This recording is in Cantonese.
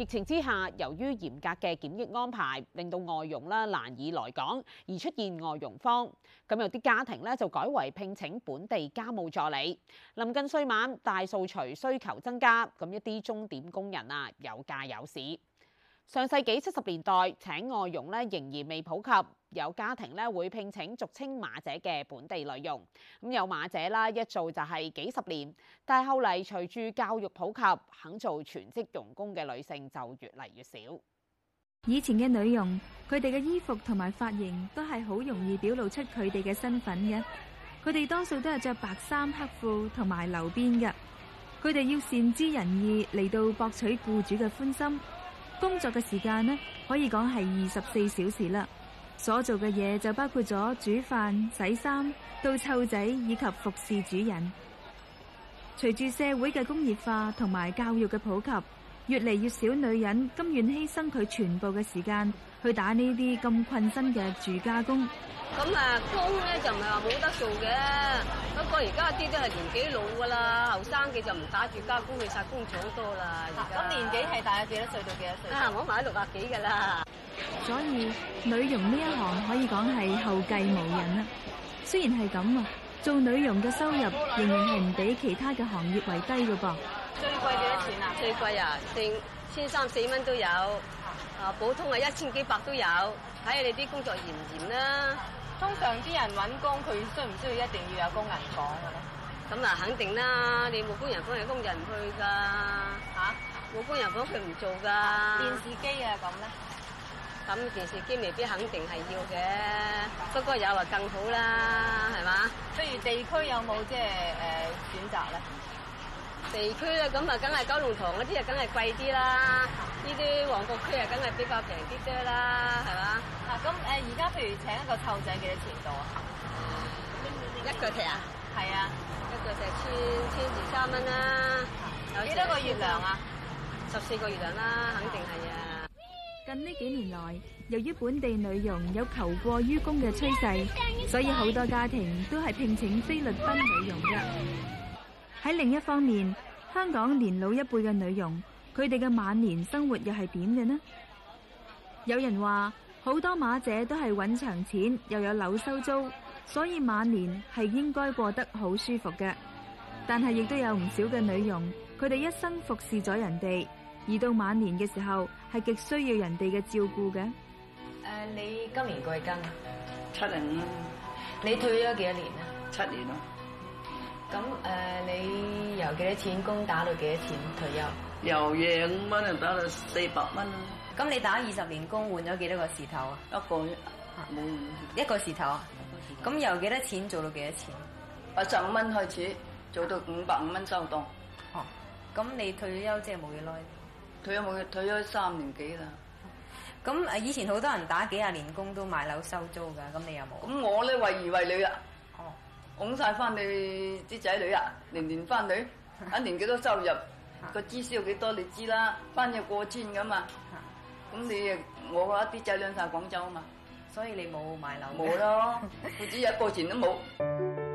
疫情之下，由於嚴格嘅檢疫安排，令到外傭啦難以來港，而出現外傭荒。咁有啲家庭咧就改為聘請本地家務助理。臨近歲晚，大掃除需求增加，咁一啲鐘點工人啊有價有市。上世紀七十年代，請外傭呢，仍然未普及，有家庭呢會聘請俗稱馬姐嘅本地女傭。咁有馬姐啦，一做就係幾十年，但係後嚟隨住教育普及，肯做全職傭工嘅女性就越嚟越少。以前嘅女傭，佢哋嘅衣服同埋髮型都係好容易表露出佢哋嘅身份嘅。佢哋多數都係着白衫黑褲同埋留辮嘅。佢哋要善知人意嚟到博取僱主嘅歡心。工作嘅時間呢，可以講係二十四小時啦。所做嘅嘢就包括咗煮飯、洗衫、到湊仔以及服侍主人。隨住社會嘅工業化同埋教育嘅普及。越嚟越少女人甘願犧牲佢全部嘅時間去打呢啲咁困身嘅住家工。咁啊工咧就唔係話冇得做嘅，不過而家啲都係年紀老噶啦，後生嘅就唔打住家工去晒工廠好多啦。咁年紀係大幾多歲到幾多歲？啊，我買六百幾噶啦。所以女傭呢一行可以講係後繼無人啦。雖然係咁啊，做女傭嘅收入仍然係唔比其他嘅行業為低噶噃。最貴嘅。最貴啊，定千三四蚊都有，啊，啊普通啊一千幾百都有，睇下你啲工作嚴唔嚴啦。通常啲人搵工，佢需唔需要一定要有工人房嘅咧？咁啊肯定啦，你冇工人房，工有工人去噶，吓冇工人房佢唔做噶、啊。電視機啊咁咧，咁電視機未必肯定係要嘅、嗯，不過有話更好啦，係、嗯、嘛？不如地區有冇即係誒選擇咧？地區咧，咁啊，梗係九龍塘嗰啲啊，梗係貴啲啦。呢啲旺角區啊，梗係比較平啲啫啦，係嘛？咁誒，而家譬如請一個湊仔幾多錢度？錢錢啊，啊？一腳踢啊？係啊，一個就千千二三蚊啦。有幾多個月糧啊？十四個月糧啦、啊，肯定係啊。近呢幾年來，由於本地女傭有求過於供嘅趨勢，所以好多家庭都係聘請菲律賓女傭嘅。喺另一方面，香港年老一輩嘅女傭，佢哋嘅晚年生活又係點嘅呢？有人話好多馬姐都係揾長錢，又有樓收租，所以晚年係應該過得好舒服嘅。但係亦都有唔少嘅女傭，佢哋一生服侍咗人哋，而到晚年嘅時候係極需要人哋嘅照顧嘅。誒、uh,，你今年貴庚？啊？七零五。你退休幾多年啦，啊？七年咯，啊。咁誒、呃，你由幾多錢工打到幾多錢退休？由二百五蚊啊，打到四百蚊啦。咁你打二十年工換咗幾多個時頭啊？一個，你一個時頭啊？咁由幾多錢做到幾多錢？八十五蚊開始，做到五百五蚊收檔。哦。咁你退休即係冇嘢攞？退休冇嘢，退休三年幾啦。咁、哦、誒，以前好多人打幾十年工都買樓收租㗎，咁你又有冇？咁我咧為兒為女啊。捧晒翻你啲仔女啊，年年翻嚟，一年幾多收入？個支銷幾多？你知啦，翻咗過千㗎嘛。咁你我嘅話啲仔女喺廣州啊嘛，所以你冇買樓冇？我咯，我只一個錢都冇。